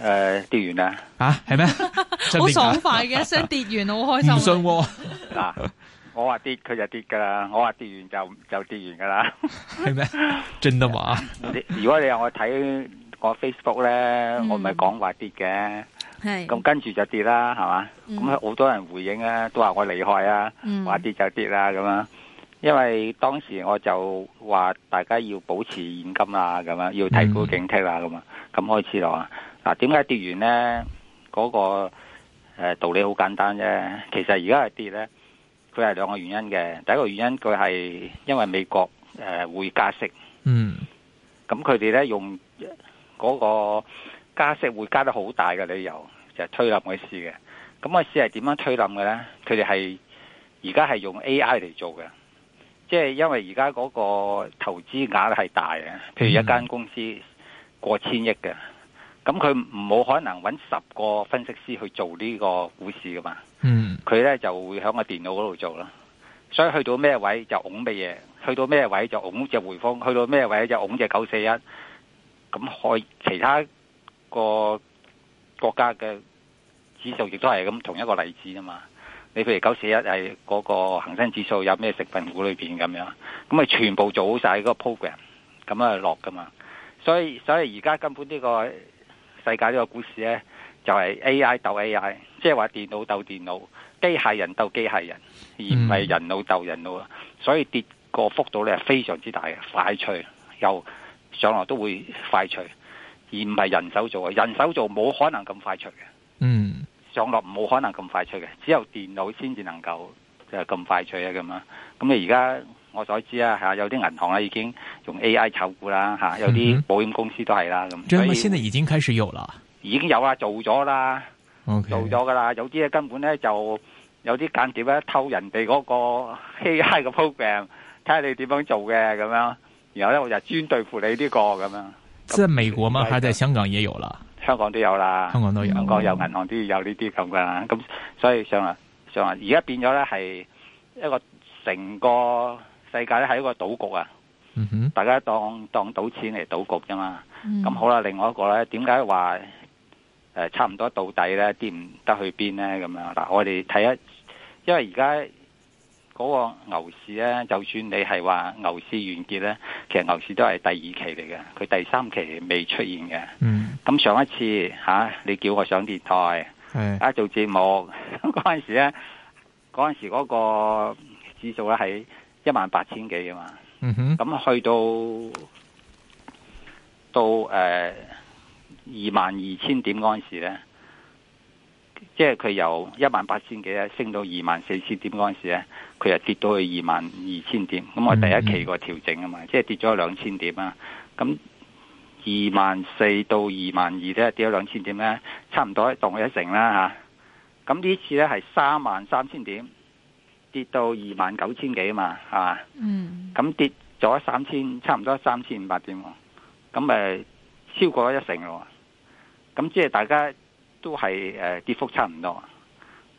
誒，跌完啦吓，係咩？好爽快嘅，一聲跌完好開心。唔信喎嗱，我話跌，佢就跌噶啦。我話跌完就就跌完噶啦，係咩？真得話？如果你有我睇我 Facebook 咧，我唔係講話跌嘅，係咁跟住就跌啦，係嘛？咁啊，好多人回應咧，都話我厲害啊，話跌就跌啦咁樣。因為當時我就話大家要保持現金啊，咁樣要提高警惕啊，咁啊，咁開始啦。嗱、啊，點解跌完咧？嗰、那個誒、呃、道理好簡單啫。其實而家係跌咧，佢係兩個原因嘅。第一個原因佢係因為美國誒、呃、會加息，嗯，咁佢哋咧用嗰個加息會加得好大嘅理由就係、是、推冧我市嘅。咁、那、我、個、市係點樣推冧嘅咧？佢哋係而家係用 A.I. 嚟做嘅，即、就、係、是、因為而家嗰個投資額係大嘅，譬如一間公司過千億嘅。嗯咁佢冇可能揾十個分析師去做呢個股市噶嘛？嗯，佢咧就會響個電腦嗰度做啦。所以去到咩位就拱咩嘢，去到咩位就拱隻匯豐，去到咩位就拱隻九四一。咁可其他個國家嘅指數亦都係咁同一個例子啊嘛。你譬如九四一係嗰個恒生指數有咩成份股裏邊咁樣，咁啊全部做好晒嗰個 program，咁啊落噶嘛。所以所以而家根本呢個。世界呢個股市呢，就係 AI 鬥 AI，即係話電腦鬥電腦、機械人鬥機械人，而唔係人腦鬥人腦啊！所以跌個幅度呢係非常之大嘅，快脆又上落都會快脆，而唔係人手做啊！人手做冇可能咁快脆嘅，嗯，上落冇可能咁快脆嘅，只有電腦先至能夠就係咁快脆啊！咁啊，咁你而家。我所知啊，吓、啊、有啲銀行咧、啊、已經用 A I 炒股啦，吓、啊、有啲保險公司都係啦咁。即係咪現在已經開始有了？已經有啦，做咗啦，okay. 做咗噶啦。有啲咧根本咧就，有啲間諜咧、啊、偷人哋嗰個 A I 嘅 program，睇下你點樣做嘅咁樣。然後咧我就專對付你呢、呢個咁樣。在美國嘛，還是香港也有了？香港都有啦，香港都有。嗯、香港有銀行都要有呢啲咁噶啦。咁所以上啊上啊，而家變咗咧係一個成個。世界咧係一個賭局啊，mm -hmm. 大家當當賭錢嚟賭局啫嘛。咁、mm -hmm. 好啦，另外一個呢，點解話差唔多到底呢？啲唔得去邊呢？咁樣？嗱，我哋睇一，因為而家嗰個牛市呢，就算你係話牛市完結呢，其實牛市都係第二期嚟嘅，佢第三期未出現嘅。咁、mm -hmm. 上一次吓、啊，你叫我上電台，mm -hmm. 啊做節目嗰陣 時咧，嗰陣時嗰個指數咧係。一萬八千幾啊嘛，咁、嗯、去到到誒、呃、二萬二千點嗰陣時咧，即係佢由一萬八千幾咧升到二萬四千點嗰陣時咧，佢又跌到去二萬二千點。咁我第一期個調整啊嘛、嗯，即係跌咗兩千點啊。咁二萬四到二萬二咧跌咗兩千點咧，差唔多蕩咗一成啦吓。咁呢次咧係三萬三千點。跌到二萬九千幾啊嘛，係嘛？嗯，咁跌咗三千，差唔多三千五百點，咁誒超過咗一成咯。咁即係大家都係誒、呃、跌幅差唔多。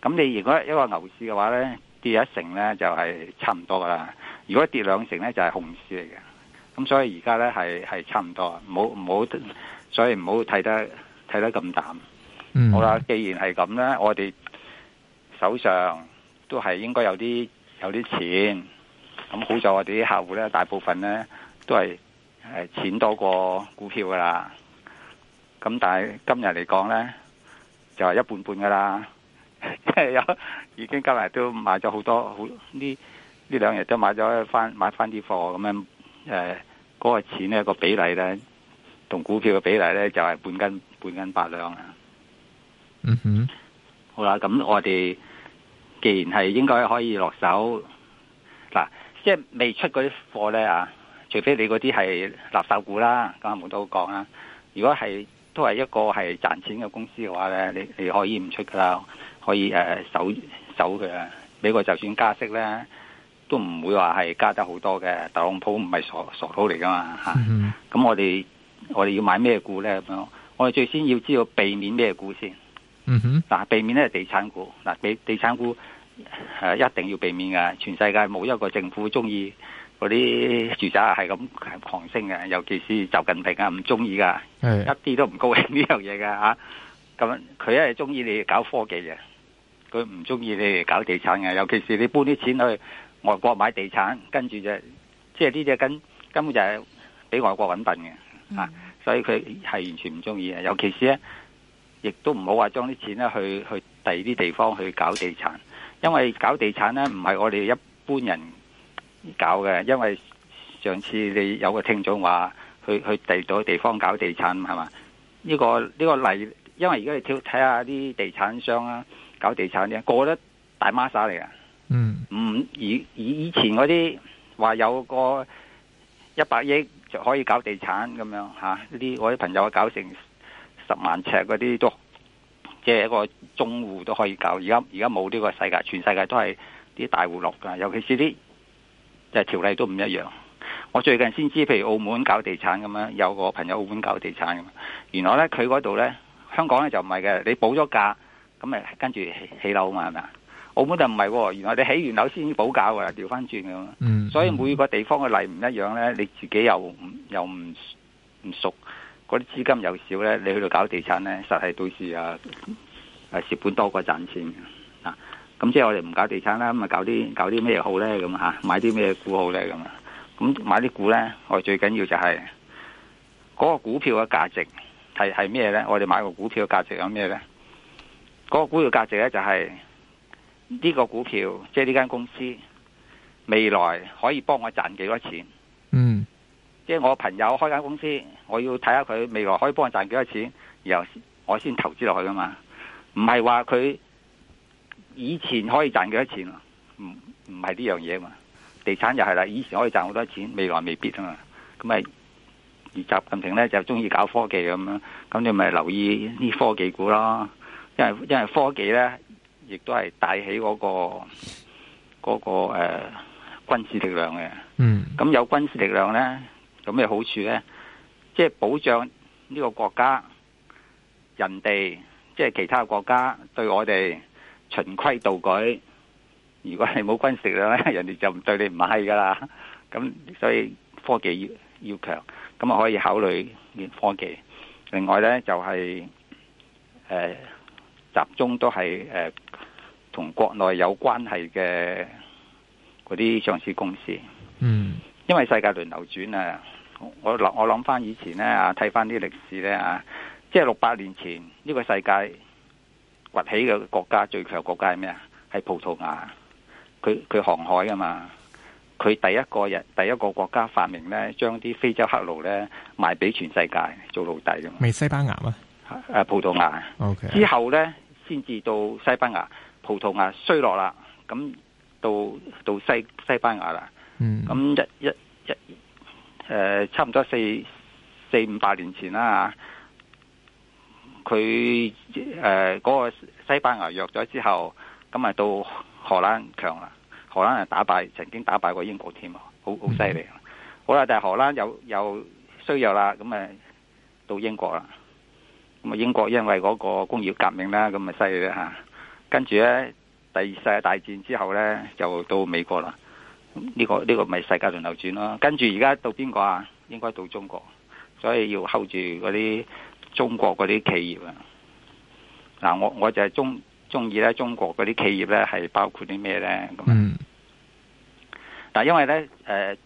咁你如果一個牛市嘅話咧，跌一成咧就係、是、差唔多噶啦。如果跌兩成咧就係、是、熊市嚟嘅。咁所以而家咧係係差唔多，唔好所以唔好睇得睇得咁淡。嗯、好啦，既然係咁咧，我哋手上。都係應該有啲有啲錢，咁好在我哋啲客戶咧，大部分咧都係係、呃、錢多過股票噶啦。咁但係今日嚟講咧，就係、是、一半半噶啦。即係有已經今日都買咗好多好呢呢兩日都買咗翻買翻啲貨咁樣誒，嗰、呃嗰個錢咧個比例咧同股票嘅比例咧就係、是、半斤半斤八兩啊。嗯哼，好啦，咁我哋。既然係應該可以落手，嗱、啊，即係未出嗰啲貨咧啊，除非你嗰啲係垃圾股啦，阿毛都講啦。如果係都係一個係賺錢嘅公司嘅話咧，你你可以唔出噶啦，可以誒、啊、守守佢啊。美國就算加息咧，都唔會話係加得好多嘅。特朗普唔係傻傻佬嚟噶嘛嚇，咁、啊、我哋我哋要買咩股咧咁樣？我哋最先要知道避免咩股先。嗯哼，嗱，避免咧，地產股嗱，地地產股係一定要避免噶全世界冇一個政府中意嗰啲住宅係咁狂升嘅，尤其是習近平啊，唔中意噶，一啲都唔高興呢樣嘢嘅吓。咁佢一係中意你搞科技嘅，佢唔中意你搞地產嘅，尤其是你搬啲錢去外國買地產，跟住就即係呢隻跟根本就係俾外國搵笨嘅，啊，所以佢係完全唔中意嘅，尤其是咧。亦都唔好話將啲錢咧去去第二啲地方去搞地產，因為搞地產咧唔係我哋一般人搞嘅。因為上次你有個聽眾話去去第二度地方搞地產係嘛？呢個呢個例，因為而家你睇下啲地產商啊，搞地產啲個個都大孖沙嚟嘅。嗯，唔以以以前嗰啲話有個一百億就可以搞地產咁樣吓，呢啲我啲朋友搞成。十萬尺嗰啲都，即係一個中戶都可以搞。而家而家冇呢個世界，全世界都係啲大戶落㗎，尤其是啲即係條例都唔一樣。我最近先知，譬如澳門搞地產咁樣，有個朋友澳門搞地產，原來咧佢嗰度咧，香港咧就唔係嘅。你補咗價，咁咪跟住起樓嘛係咪啊？澳門就唔係喎，原來你起完樓先至補價喎，調翻轉咁。所以每個地方嘅例唔一樣咧，你自己又唔又唔唔熟。嗰啲資金又少咧，你去度搞地產咧，實係到時啊，係蝕本多過賺錢。嗱，啊，咁即係我哋唔搞地產啦，咁啊搞啲搞啲咩好咧？咁嚇買啲咩股好咧？咁啊，咁買啲股咧，我最緊要就係嗰個股票嘅價值係係咩咧？我哋買個股票嘅價值有咩咧？嗰個股票價值咧就係呢個股票，即係呢間公司未來可以幫我賺幾多錢。即係我朋友開間公司，我要睇下佢未來可以幫我賺幾多錢，然後我先投資落去噶嘛。唔係話佢以前可以賺幾多錢咯，唔唔係呢樣嘢嘛。地產就係啦，以前可以賺好多錢，未來未必啊嘛。咁咪，而習近平咧就中意搞科技咁樣，咁你咪留意啲科技股咯。因為因為科技咧，亦都係帶起嗰個嗰個誒軍事力量嘅。嗯。咁有軍事力量咧。有咩好處呢，即係保障呢個國家，人哋即係其他國家對我哋循規蹈矩。如果係冇軍事咧，人哋就唔對你唔係噶啦。咁所以科技要要強，咁啊可以考慮科技。另外呢，就係誒集中都係誒同國內有關係嘅嗰啲上市公司。嗯，因為世界輪流轉啊。我諗我諗翻以前咧啊，睇翻啲歷史咧啊，即係六百年前呢，呢個世界崛起嘅國家最強的國家係咩啊？係葡萄牙，佢佢航海噶嘛，佢第一個人第一個國家發明咧，將啲非洲黑奴咧賣俾全世界做奴隸嘅。未西班牙嗎？誒、啊，葡萄牙。OK。之後咧，先至到西班牙，葡萄牙衰落啦，咁到到西西班牙啦。嗯。咁一一一。一誒，差唔多四四五百年前啦，佢誒嗰個西班牙弱咗之後，咁啊到荷蘭強啦，荷蘭係打敗，曾經打敗過英國添，好好犀利。好啦，但係荷蘭有有衰弱啦，咁啊到英國啦，咁啊英國因為嗰個工業革命啦，咁啊犀利啦，跟住咧第二世界大戰之後咧，就到美國啦。呢個呢個咪世界輪流轉咯，跟住而家到邊個啊？應該到中國，所以要 hold 住嗰啲中國嗰啲企業啊。嗱，我我就係中中意咧中國嗰啲企業咧，係包括啲咩咧？咁、嗯、啊，但係因為咧，誒、呃，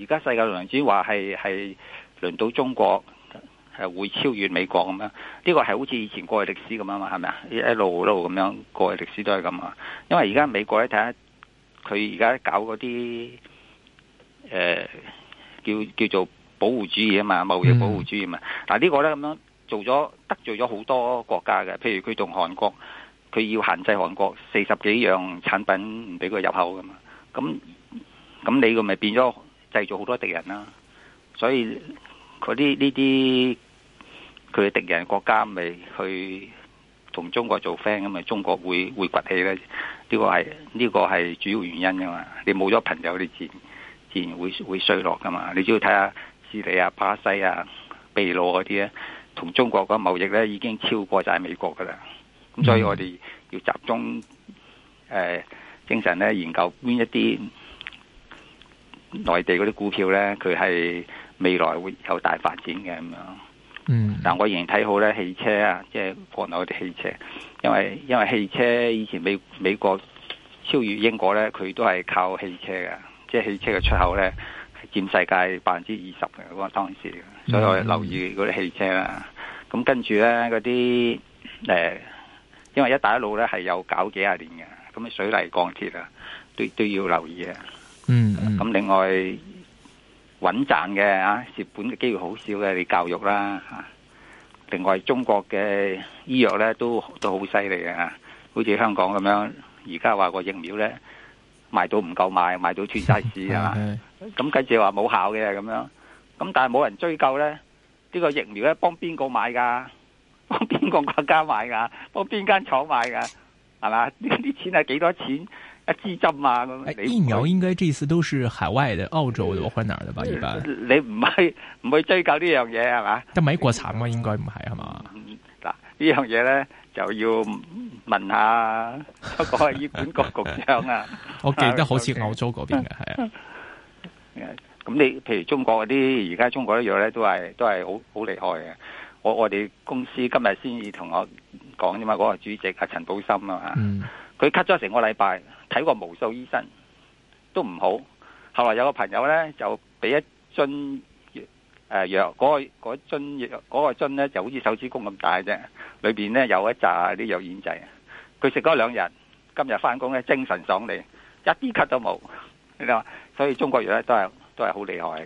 而家世界輪流轉話係係輪到中國係會超越美國咁樣，呢、個係好似以前過去歷史咁啊嘛，係咪啊？一路一路咁樣過去歷史都係咁啊，因為而家美國咧睇下。看看佢而家搞嗰啲，誒叫叫做保護主義啊嘛，貿易保護主義嘛。嗱呢個咧咁樣做咗得罪咗好多國家嘅，譬如佢同韓國，佢要限制韓國四十幾樣產品唔俾佢入口噶嘛。咁咁你佢咪變咗製造好多敵人啦。所以佢啲呢啲佢嘅敵人國家咪去同中國做 friend 咁咪中國會會崛起咧？呢、okay. 個係呢、呢個係主要原因噶嘛。你冇咗朋友，你自然自然會會衰落噶嘛。你只要睇下智利啊、巴西啊、秘魯啲咧，同中國嘅貿易咧已經超過晒美國噶啦。咁所以我哋要集中誒、呃，精神咧研究邊一啲內地嗰啲股票咧，佢係未來會有大發展嘅咁樣。嗯，但我仍然睇好咧汽車啊，即係國內嗰啲汽車，因為因為汽車以前美美國超越英國咧，佢都係靠汽車嘅，即係汽車嘅出口咧佔世界百分之二十嘅，咁啊當時，所以我留意嗰啲汽車啦。咁跟住咧嗰啲誒，因為一帶一路咧係有搞幾廿年嘅，咁啊水泥、鋼鐵啊，都都要留意啊。嗯，咁、嗯、另外。穩賺嘅啊，蝕本嘅機會好少嘅。你教育啦，吓，另外中國嘅醫藥咧都都好犀利嘅。好似香港咁樣，而家話個疫苗咧賣到唔夠賣，賣到出晒市啊。咁跟住話冇效嘅咁樣，咁但係冇人追究咧，呢個疫苗咧幫邊個買噶？幫邊個國家買噶？幫邊間廠買噶？係嘛？呢啲錢係幾多錢？一支針啊咁，疫苗應，應該這次都是海外嘅澳洲或者、嗯、哪的吧？一般你唔係唔去追究呢樣嘢係嘛？但美國產啊，應該唔係係嘛？嗱、嗯、呢樣嘢咧就要問一下嗰個醫管局局長啊。 我記得好似澳洲嗰邊嘅係啊。咁 是吧 你譬如中國嗰啲而家中國啲藥咧都係都係好好厲害嘅。我我哋公司今日先至同我講啫嘛，嗰、嗰個主席係陳寶森啊嘛，佢 cut 咗成個禮拜。睇過無數醫生都唔好，後來有個朋友咧就俾一樽誒、呃、藥，嗰、那個樽藥嗰個樽咧、那個那個、就好似手指公咁大啫，裏邊咧有一紮啲藥丸仔。佢食咗兩日，今日翻工咧，精神爽利，一啲咳都冇。你話所以中國藥咧都係都係好厲害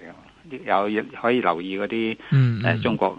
嘅，有可以留意嗰啲誒中國。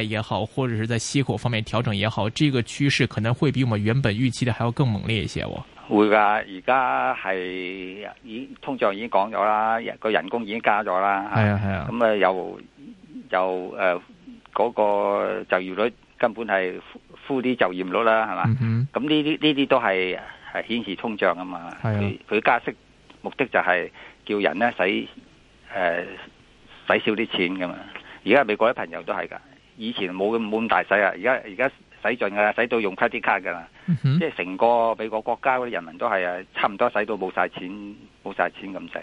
也好，或者是在息口方面調整也好，這個趨勢可能會比我們原本預期的還要更猛烈一些。我會噶，而家係已通脹已經講咗啦，個人工已經加咗啦。係啊係啊，咁啊又又誒嗰個就業率根本係負啲就業率啦，係、嗯、嘛？咁呢啲呢啲都係係顯示通脹啊嘛。佢佢、啊、加息目的就係叫人咧使誒使少啲錢噶嘛。而家美國啲朋友都係噶。以前冇咁冇咁大使啊，而家而家使盡噶啦，使到用 credit card 噶啦，即係成個美國國家嗰啲人民都係啊，差唔多使到冇晒錢，冇晒錢咁滯，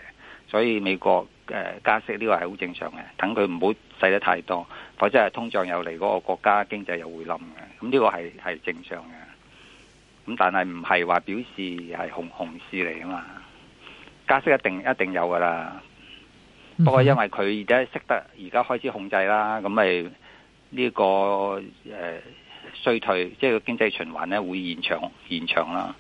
所以美國誒、呃、加息呢個係好正常嘅，等佢唔好使得太多，否則係通脹又嚟，嗰、嗰個國家經濟又會冧嘅，咁呢個係係正常嘅。咁但係唔係話表示係熊熊市嚟啊嘛？加息一定一定有噶啦、嗯，不過因為佢而家識得而家開始控制啦，咁咪。呢、這個誒、呃、衰退，即係個經濟循環咧會延長延長啦，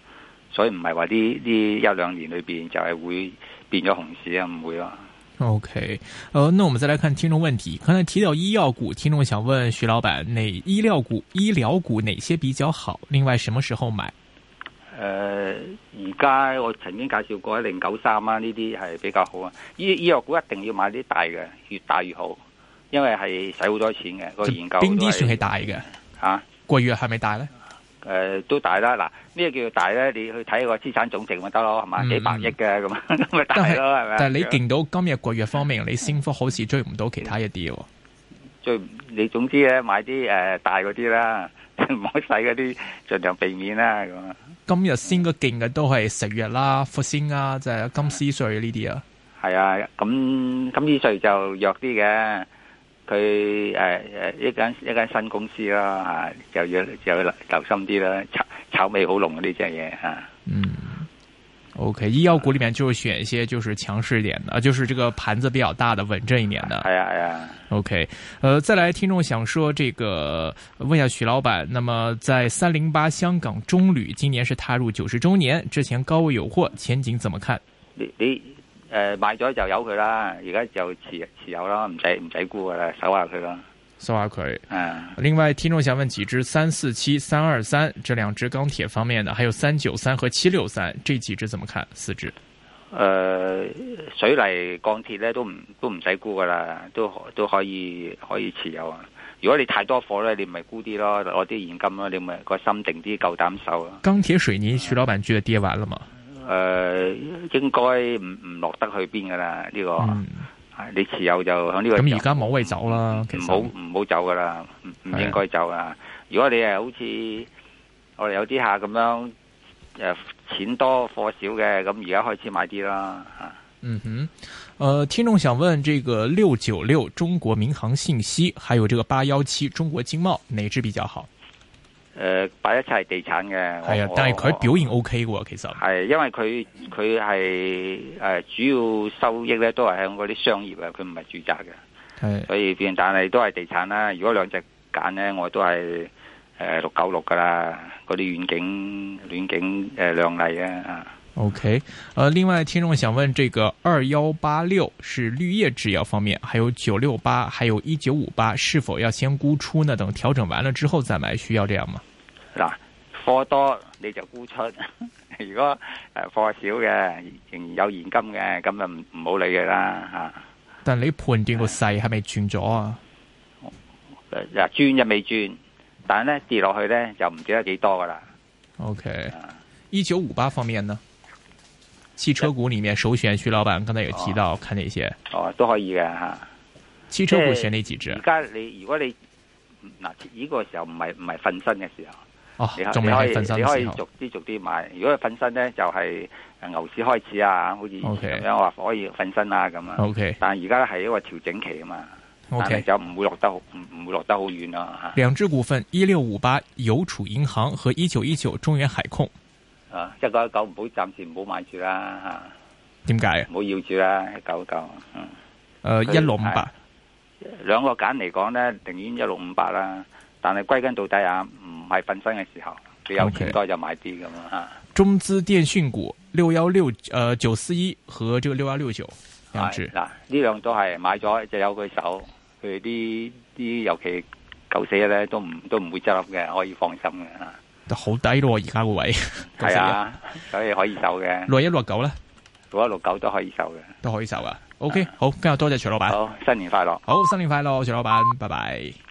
所以唔係話呢呢一兩年裏邊就係會變咗熊市啊，唔會啦。OK，誒、呃，那我們再來看聽眾問題，剛才提到醫藥股，聽眾想問徐老闆，哪醫療股、醫療股哪些比較好？另外，什麼時候買？誒、呃，而家我曾經介紹過一零九三啊呢啲係比較好啊，醫醫藥股一定要買啲大嘅，越大越好。因為係使好多錢嘅嗰個研究，邊啲算係大嘅吓？貴藥係咪大咧？誒、呃，都大啦。嗱，咩叫做大咧？你去睇個資產總值咪得咯？係、嗯、嘛，幾百億嘅咁咪大咯，係咪？但係你勁到今日貴藥方面，你升幅好似追唔到其他一啲嘅。你，總之咧買啲誒、呃、大嗰啲啦，唔好細嗰啲，盡量避免啦。咁今日先個勁嘅都係食藥啦、復星啦，即係金斯瑞呢啲啊。係、就是、啊、咁、啊、嗯、金斯瑞就弱啲嘅。佢誒誒一間一間新公司啦啊就要就要留心啲啦，炒炒味好濃呢隻嘢嚇。嗯，OK，醫藥股裏面就是選一些就是強勢點的，就是這個盤子比較大的、穩陣一點的。係啊係啊、哎。OK，呃，再來，聽眾想說這個問一下徐老闆，那麼在三零八香港中旅今年是踏入九十周年，之前高位有貨，前景怎麼看？誒。你誒、呃，買咗就有佢啦，而家就持持有啦，唔使唔使沽㗎啦，守下佢咯，守下佢。嗯，另外聽眾想問幾支？三四七、三二三這兩隻鋼鐵方面嘅，還有三九三和七六三這幾隻怎麼看？四隻，誒、呃，水泥、鋼鐵咧都唔都唔使沽噶啦，都都，都，都可以可以持有。如果你太多貨咧，你咪沽啲咯，攞啲現金咯，你咪個心定啲，夠膽守啦。鋼鐵、水泥，徐老闆覺得跌完了嘛。嗯。誒、呃，應該唔唔落得去邊噶啦，呢、這個、嗯，你持有就喺呢個、嗯。咁而家冇位走啦，其實唔好唔好走噶啦，唔唔應該走啦！如果你係好似我哋有啲客咁樣，誒，錢多貨少嘅，咁而家開始買啲啦。嗯哼，誒、呃，聽眾想問這個六九六中國民航信息，還有這個八幺七中國經貿，哪支比較好？誒、呃、擺一切係地產嘅，係啊，但係佢表現 O K 嘅，其實係因為佢佢係誒主要收益咧都係喺嗰啲商業啊，佢唔係住宅嘅，係所以變但係都係地產啦。如果兩隻揀咧，我都係誒六九六㗎喇，嗰啲遠景遠景誒、呃、亮麗啊。OK，誒、呃、另外聽眾想問：這個二幺八六是綠葉製藥方面，還有九六八，還有一九五八，是否要先沽出呢？等調整完了之後再買，需要這樣嗎？嗱，貨多你就沽出。如果誒貨少嘅，仍然有現金嘅，咁就唔唔好理佢啦吓。但你判斷個勢係咪轉咗啊？嗱、啊啊，轉就未轉，但係咧跌落去咧就唔記得幾多噶啦。OK，一九五八方面呢？汽車股裏面首選，徐老闆剛才有提到，哦、看哪些哦？哦，都可以嘅吓、啊。汽車股選哪幾隻？而、呃、家你如果你嗱呢、這個時候唔係唔係瞓身嘅時候？仲、哦、未可以你可以逐啲逐啲買。如果係瞓身咧，就係、是、牛市開始啊，好似咁話可以瞓身啊咁啊。但係而家咧係一個調整期啊嘛，okay. 就唔會落得好唔唔會落得好遠，咯、啊、嚇。兩支股份，一六五八郵儲銀行和一九一九中遠海控。啊，一、就是、個九唔好，暫時唔好買住啦嚇。點解啊？唔好要住啦、啊，九狗、狗。嗯。誒一六五八，兩個揀嚟講咧，寧願一六五八啦。但係歸根到底啊。係瞓身嘅時候，你有幾多就買啲咁，okay. 啊！中資電訊股六幺六，誒九四一和這個六幺六九兩隻，嗱呢兩都係買咗就有佢手，佢啲啲尤其九四一咧都唔都唔會執笠嘅，可以放心嘅吓，啊，都好低咯而家個位，係 啊，所以可以走嘅六一六九咧，六一六九都可以走嘅，都可以走啊。OK，啊好，今日多謝徐老闆，好新年快樂，好新年快樂，徐老闆，拜拜。